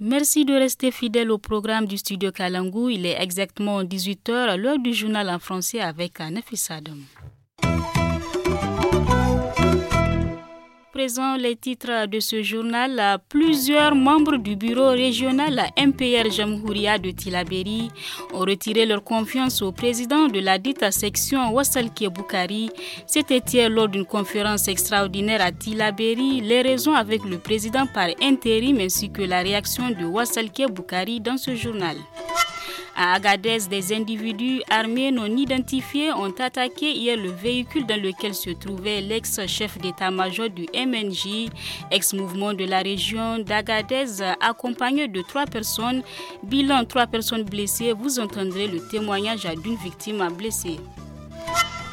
Merci de rester fidèle au programme du studio Kalangu. Il est exactement 18h, l'heure du journal en français avec Anne Fissadom. les titres de ce journal. Plusieurs membres du bureau régional MPR Jamhouria de Tilaberi ont retiré leur confiance au président de la dite section Wassal Boukari. C'était hier lors d'une conférence extraordinaire à Tilaberi. Les raisons avec le président par intérim ainsi que la réaction de Wassal Boukari dans ce journal. À Agadez, des individus armés non identifiés ont attaqué hier le véhicule dans lequel se trouvait l'ex-chef d'état-major du MNJ, ex-mouvement de la région d'Agadez, accompagné de trois personnes. Bilan trois personnes blessées. Vous entendrez le témoignage d'une victime blessée.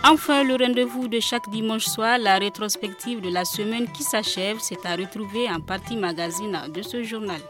Enfin, le rendez-vous de chaque dimanche soir, la rétrospective de la semaine qui s'achève, c'est à retrouver en partie magazine de ce journal.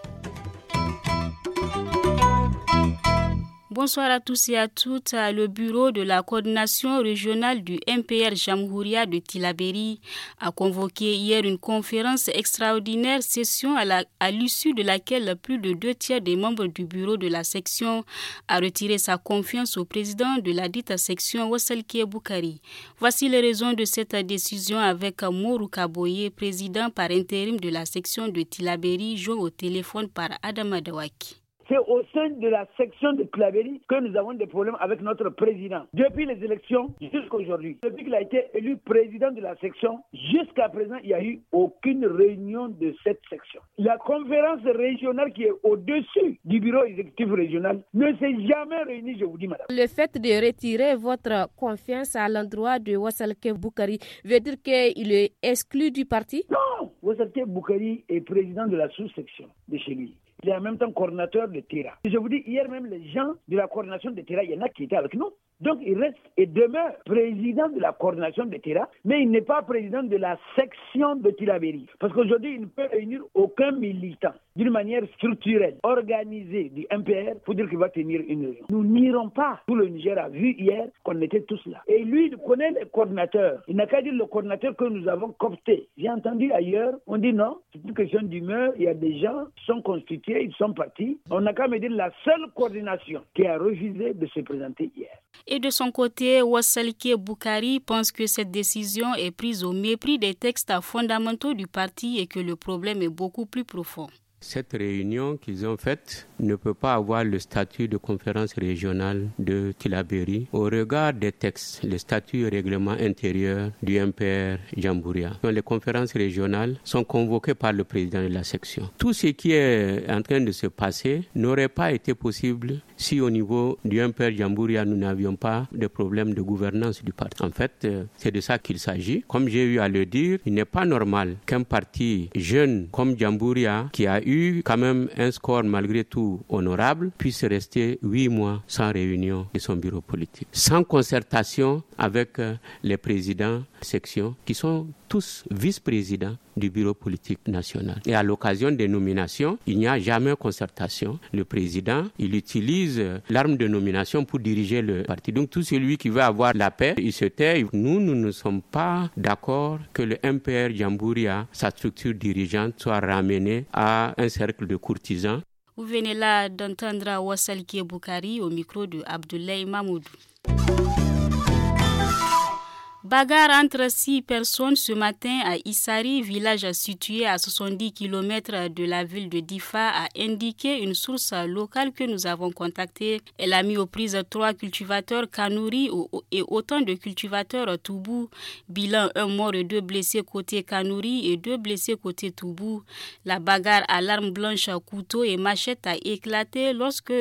Bonsoir à tous et à toutes. Le bureau de la coordination régionale du MPR Jamhouria de Tilaberi a convoqué hier une conférence extraordinaire session à l'issue de laquelle plus de deux tiers des membres du bureau de la section a retiré sa confiance au président de la dite section Wasselke Boukari. Voici les raisons de cette décision avec Mourou Kaboye, président par intérim de la section de Tilaberi, joué au téléphone par Adam Adawaki. C'est au sein de la section de Claverie que nous avons des problèmes avec notre président. Depuis les élections jusqu'à aujourd'hui, depuis qu'il a été élu président de la section, jusqu'à présent, il n'y a eu aucune réunion de cette section. La conférence régionale qui est au-dessus du bureau exécutif régional ne s'est jamais réunie, je vous dis, madame. Le fait de retirer votre confiance à l'endroit de Wassalke Boukari veut dire qu'il est exclu du parti Non Wassalke Boukari est président de la sous-section de chez lui il est en même temps coordinateur de Tira. Je vous dis, hier même, les gens de la coordination de Tira, il y en a qui étaient avec nous. Donc, il reste et demeure président de la coordination de Tira, mais il n'est pas président de la section de Tirabéry. Parce qu'aujourd'hui, il ne peut réunir aucun militant d'une manière structurelle, organisée du MPR pour dire qu'il va tenir une réunion. Nous n'irons pas. Tout le Niger a vu hier qu'on était tous là. Et lui, il connaît les coordinateurs. Il n'a qu'à dire le coordinateur que nous avons copté. J'ai entendu ailleurs, on dit non, c'est une question d'humeur. Il y a des gens qui sont constitués, ils sont partis. On n'a qu'à me dire la seule coordination qui a refusé de se présenter hier. Et de son côté, Wassalki Boukari pense que cette décision est prise au mépris des textes fondamentaux du parti et que le problème est beaucoup plus profond. Cette réunion qu'ils ont faite ne peut pas avoir le statut de conférence régionale de Tilaberi au regard des textes, le statut et règlements intérieurs du MPR Jambouria. les conférences régionales sont convoquées par le président de la section. Tout ce qui est en train de se passer n'aurait pas été possible si au niveau du Père Djambouria, nous n'avions pas de problème de gouvernance du parti. En fait, euh, c'est de ça qu'il s'agit. Comme j'ai eu à le dire, il n'est pas normal qu'un parti jeune comme Djambouria, qui a eu quand même un score malgré tout honorable, puisse rester huit mois sans réunion de son bureau politique, sans concertation avec euh, les présidents de section qui sont tous vice-présidents du bureau politique national. Et à l'occasion des nominations, il n'y a jamais concertation. Le président, il utilise euh, l'arme de nomination pour diriger le parti. Donc tout celui qui veut avoir la paix, il se tait. Nous, nous ne sommes pas d'accord que le MPR Djambouria, sa structure dirigeante, soit ramenée à un cercle de courtisans. Vous venez là d'entendre Wassal Boukari au micro de Abdoulaye Mamoudou. Bagarre entre six personnes ce matin à Issari, village situé à 70 km de la ville de Difa, a indiqué une source locale que nous avons contactée. Elle a mis aux prises trois cultivateurs Kanouri et autant de cultivateurs Toubou. Bilan un mort et deux blessés côté Kanouri et deux blessés côté Toubou. La bagarre à l'arme blanche, couteau et machette a éclaté lorsque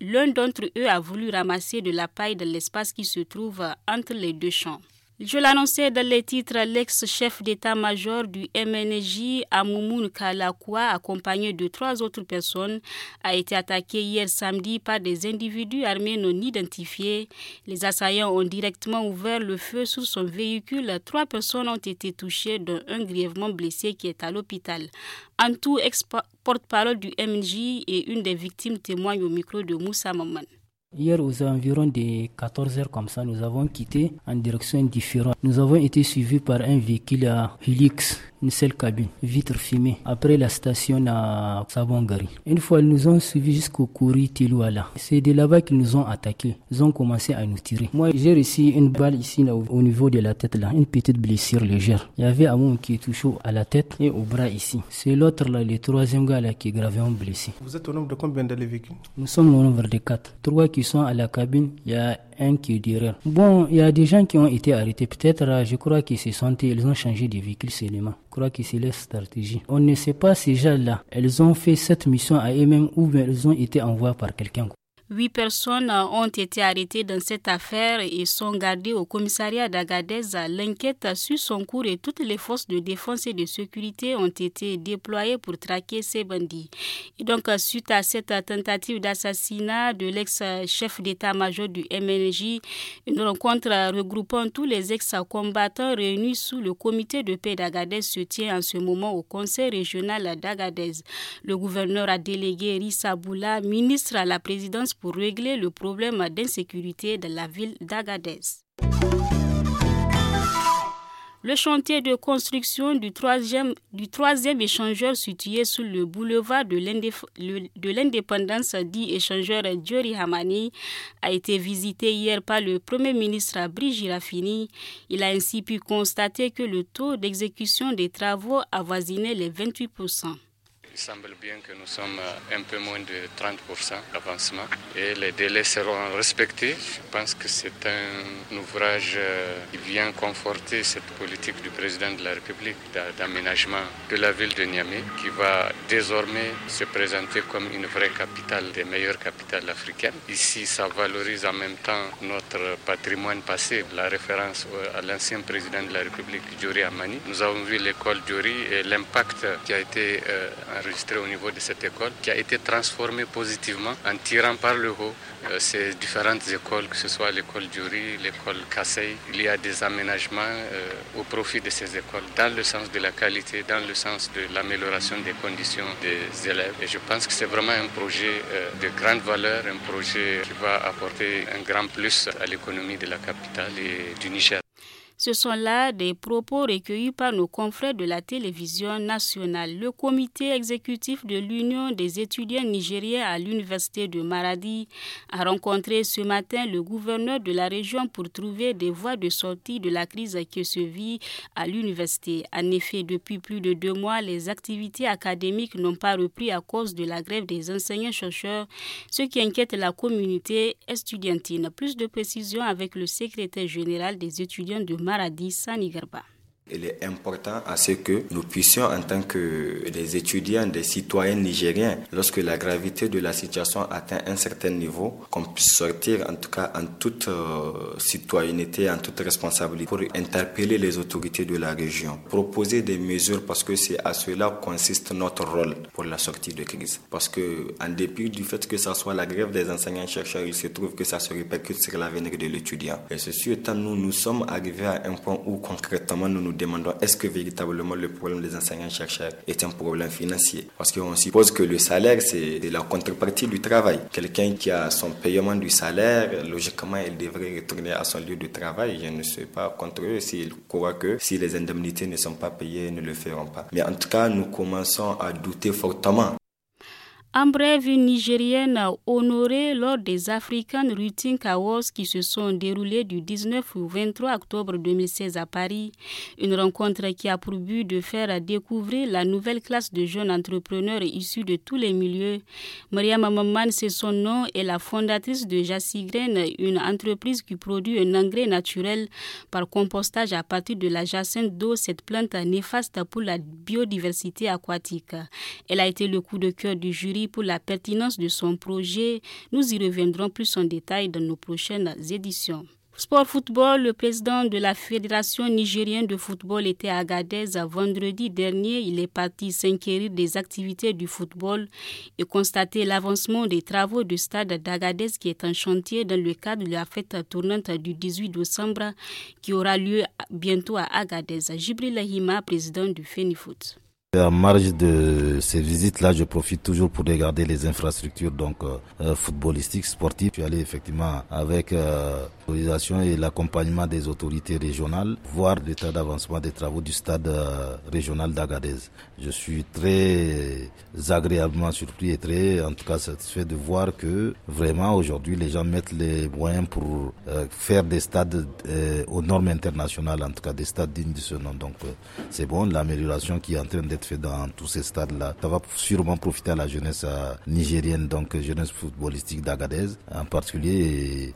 l'un d'entre eux a voulu ramasser de la paille de l'espace qui se trouve entre les deux champs. Je l'annonçais dans les titres, l'ex-chef d'état-major du MNJ, Amoumoun Kalakwa, accompagné de trois autres personnes, a été attaqué hier samedi par des individus armés non identifiés. Les assaillants ont directement ouvert le feu sur son véhicule. Trois personnes ont été touchées, dont un grièvement blessé qui est à l'hôpital. tout, ex-porte-parole du MNJ et une des victimes témoignent au micro de Moussa Maman. Hier, aux environs de 14h comme ça, nous avons quitté en direction différente. Nous avons été suivis par un véhicule à Helix, une seule cabine, vitre fumée, après la station à Sabongari. Une fois, ils nous ont suivis jusqu'au Kouri Tilouala. C'est de là-bas qu'ils nous ont attaqués. Ils ont commencé à nous tirer. Moi, j'ai reçu une balle ici, au niveau de la tête, là, une petite blessure légère. Il y avait un homme qui est touché à la tête et au bras ici. C'est l'autre, là, le troisième gars, là, qui est gravement blessé. Vous êtes au nombre de combien de véhicules Nous sommes au nombre de 4 Trois qui sont à la cabine, il y a un qui dirait Bon, il y a des gens qui ont été arrêtés. Peut-être, euh, je crois qu'ils se sont, ils ont changé de véhicule seulement. Je crois que c'est leur stratégie. On ne sait pas ces gens-là. Elles ont fait cette mission à eux-mêmes ou bien elles ont été envoyées par quelqu'un. Huit personnes ont été arrêtées dans cette affaire et sont gardées au commissariat d'Agadez. L'enquête a su son cours et toutes les forces de défense et de sécurité ont été déployées pour traquer ces bandits. Et donc, suite à cette tentative d'assassinat de l'ex-chef d'état-major du MNJ, une rencontre regroupant tous les ex-combattants réunis sous le comité de paix d'Agadez se tient en ce moment au conseil régional d'Agadez. Le gouverneur a délégué Rissa Boula, ministre à la présidence pour régler le problème d'insécurité de la ville d'Agadez. Le chantier de construction du troisième, du échangeur situé sur le boulevard de l'indépendance dit échangeur Djori Hamani a été visité hier par le Premier ministre Abri Raffini. Il a ainsi pu constater que le taux d'exécution des travaux avoisinait les 28 il semble bien que nous sommes un peu moins de 30% d'avancement et les délais seront respectés. Je pense que c'est un ouvrage euh, qui vient conforter cette politique du président de la République d'aménagement de la ville de Niamey qui va désormais se présenter comme une vraie capitale des meilleures capitales africaines. Ici, ça valorise en même temps notre patrimoine passé, la référence à l'ancien président de la République, Diori Amani. Nous avons vu l'école Diori et l'impact qui a été euh, au niveau de cette école, qui a été transformée positivement en tirant par le haut euh, ces différentes écoles, que ce soit l'école Dury, l'école Kasei. Il y a des aménagements euh, au profit de ces écoles, dans le sens de la qualité, dans le sens de l'amélioration des conditions des élèves. Et je pense que c'est vraiment un projet euh, de grande valeur, un projet qui va apporter un grand plus à l'économie de la capitale et du Niger. Ce sont là des propos recueillis par nos confrères de la télévision nationale. Le comité exécutif de l'Union des étudiants nigériens à l'Université de Maradi a rencontré ce matin le gouverneur de la région pour trouver des voies de sortie de la crise qui se vit à l'université. En effet, depuis plus de deux mois, les activités académiques n'ont pas repris à cause de la grève des enseignants-chercheurs, ce qui inquiète la communauté estudiantine. Plus de précisions avec le secrétaire général des étudiants de Maradi Sani Garba. Il est important à ce que nous puissions, en tant que des étudiants, des citoyens nigériens, lorsque la gravité de la situation atteint un certain niveau, qu'on puisse sortir, en tout cas en toute euh, citoyenneté, en toute responsabilité, pour interpeller les autorités de la région, proposer des mesures, parce que c'est à cela que consiste notre rôle pour la sortie de crise. Parce que, en dépit du fait que ça soit la grève des enseignants-chercheurs, il se trouve que ça se répercute sur l'avenir de l'étudiant. Et ceci étant, nous, nous sommes arrivés à un point où concrètement nous nous demandons est-ce que véritablement le problème des enseignants-chercheurs est un problème financier Parce qu'on suppose que le salaire, c'est la contrepartie du travail. Quelqu'un qui a son paiement du salaire, logiquement, il devrait retourner à son lieu de travail. Je ne suis pas contre eux s'ils croient que si les indemnités ne sont pas payées, ils ne le feront pas. Mais en tout cas, nous commençons à douter fortement en une nigérienne honorée lors des African Routine Awards qui se sont déroulées du 19 au 23 octobre 2016 à Paris. Une rencontre qui a pour but de faire découvrir la nouvelle classe de jeunes entrepreneurs issus de tous les milieux. Maria Mamman, c'est son nom, est la fondatrice de Jassi Grain, une entreprise qui produit un engrais naturel par compostage à partir de la jacinthe d'eau, cette plante néfaste pour la biodiversité aquatique. Elle a été le coup de cœur du jury pour la pertinence de son projet. Nous y reviendrons plus en détail dans nos prochaines éditions. Sport football, le président de la Fédération nigérienne de football était à Agadez vendredi dernier. Il est parti s'inquiéter des activités du football et constater l'avancement des travaux du stade d'Agadez qui est en chantier dans le cadre de la fête tournante du 18 décembre qui aura lieu bientôt à Agadez. Jibril Ahima, président du FENIFOOT. En marge de ces visites-là, je profite toujours pour regarder les infrastructures donc euh, euh, footballistiques, sportives. Je suis effectivement avec euh, et l'accompagnement des autorités régionales, voire l'état d'avancement des travaux du stade euh, régional d'Agadez. Je suis très agréablement surpris et très, en tout cas, satisfait de voir que vraiment aujourd'hui les gens mettent les moyens pour euh, faire des stades euh, aux normes internationales, en tout cas des stades dignes de ce nom. Donc c'est bon, l'amélioration qui est en train d'être faite dans tous ces stades-là, ça va sûrement profiter à la jeunesse nigérienne, donc jeunesse footballistique d'Agadez en particulier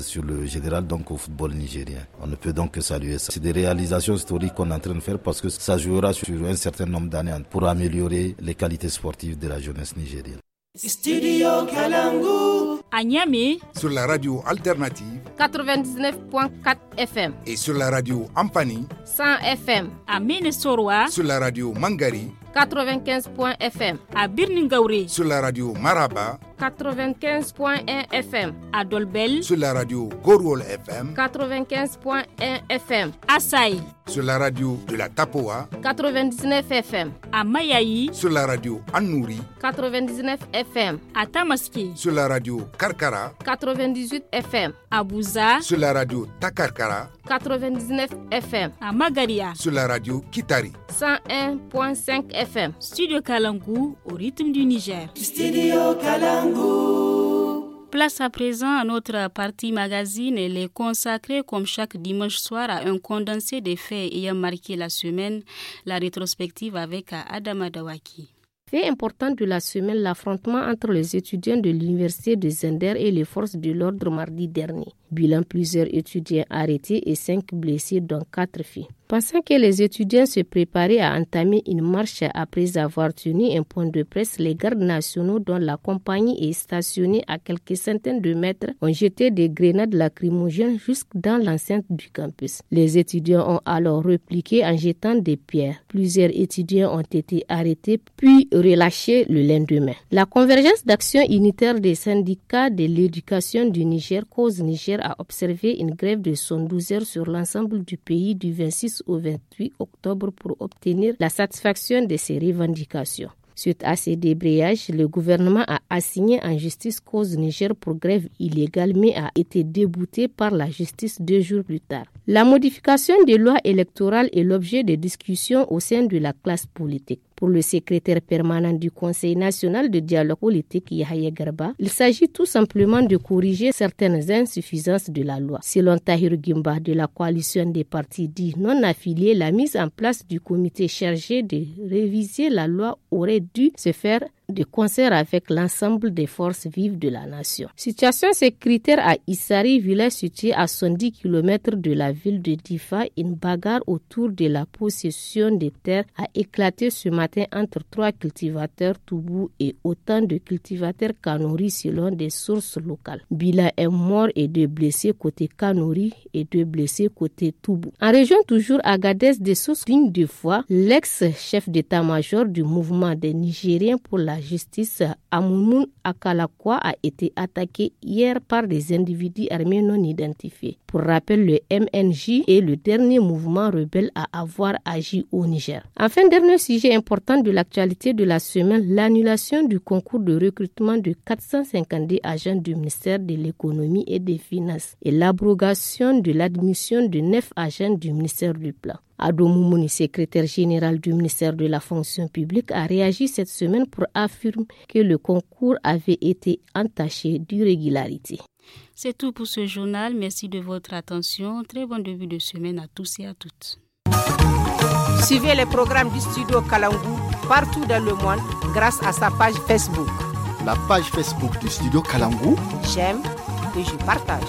sur le général donc au football nigérien. On ne peut donc que saluer ça. C'est des réalisations historiques qu'on est en train de faire parce que ça jouera sur un certain nombre d'années pour améliorer les qualités sportives de la jeunesse nigérienne. Studio Kalangu à Niamey sur la radio alternative 99.4 FM et sur la radio Ampani 100 FM à Minnesota sur la radio Mangari 95.fm à Birningaouri sur la radio Maraba 95.1 FM à Dolbel sur la radio Gorwol FM 95.1 FM à Saï sur la radio de la Tapoa 99 FM à Mayaï sur la radio Annouri 99 FM à Tamaski sur la radio Karkara 98 FM à Bouza sur la radio Takarkara 99 FM à Magaria sur la radio Kitari 101.5 FM Studio Kalangu au rythme du Niger Studio Kalangu Place à présent à notre partie magazine, elle est consacrée comme chaque dimanche soir à un condensé des faits ayant marqué la semaine, la rétrospective avec Adama Dawaki. Fait important de la semaine, l'affrontement entre les étudiants de l'université de Zender et les forces de l'ordre mardi dernier. Bilan plusieurs étudiants arrêtés et cinq blessés, dont quatre filles. Pensant que les étudiants se préparaient à entamer une marche après avoir tenu un point de presse, les gardes nationaux dont la compagnie est stationnée à quelques centaines de mètres ont jeté des grenades lacrymogènes jusque dans l'enceinte du campus. Les étudiants ont alors repliqué en jetant des pierres. Plusieurs étudiants ont été arrêtés puis relâchés le lendemain. La convergence d'actions unitaire des syndicats de l'éducation du Niger cause Niger a observé une grève de 112 heures sur l'ensemble du pays du 26 au 28 octobre pour obtenir la satisfaction de ses revendications. Suite à ces débrayages, le gouvernement a assigné en justice cause Niger pour grève illégale mais a été débouté par la justice deux jours plus tard. La modification des lois électorales est l'objet de discussions au sein de la classe politique. Pour le secrétaire permanent du Conseil national de dialogue politique Yahya Garba, il s'agit tout simplement de corriger certaines insuffisances de la loi. Selon Tahir Gimba de la coalition des partis dits non affiliés, la mise en place du comité chargé de réviser la loi aurait dû se faire de concert avec l'ensemble des forces vives de la nation. Situation sécuritaire à Issari, village situé à 70 km de la ville de Difa, une bagarre autour de la possession des terres a éclaté ce matin entre trois cultivateurs Toubou et autant de cultivateurs Kanouri selon des sources locales. Bila est mort et deux blessés côté Kanouri et deux blessés côté Toubou. En région toujours Agadez, des sources Ligne de foi, l'ex-chef d'état-major du mouvement des Nigériens pour la la justice, Amoumoun Akalakwa a été attaqué hier par des individus armés non identifiés. Pour rappel, le MNJ est le dernier mouvement rebelle à avoir agi au Niger. Enfin, dernier sujet important de l'actualité de la semaine, l'annulation du concours de recrutement de 450 agents du ministère de l'économie et des finances et l'abrogation de l'admission de 9 agents du ministère du plan. Adomoumouni, secrétaire général du ministère de la fonction publique, a réagi cette semaine pour affirmer que le concours avait été entaché d'irrégularité. C'est tout pour ce journal. Merci de votre attention. Très bon début de semaine à tous et à toutes. Suivez les programmes du studio Kalangou partout dans le monde grâce à sa page Facebook. La page Facebook du studio Kalangou. J'aime et je partage.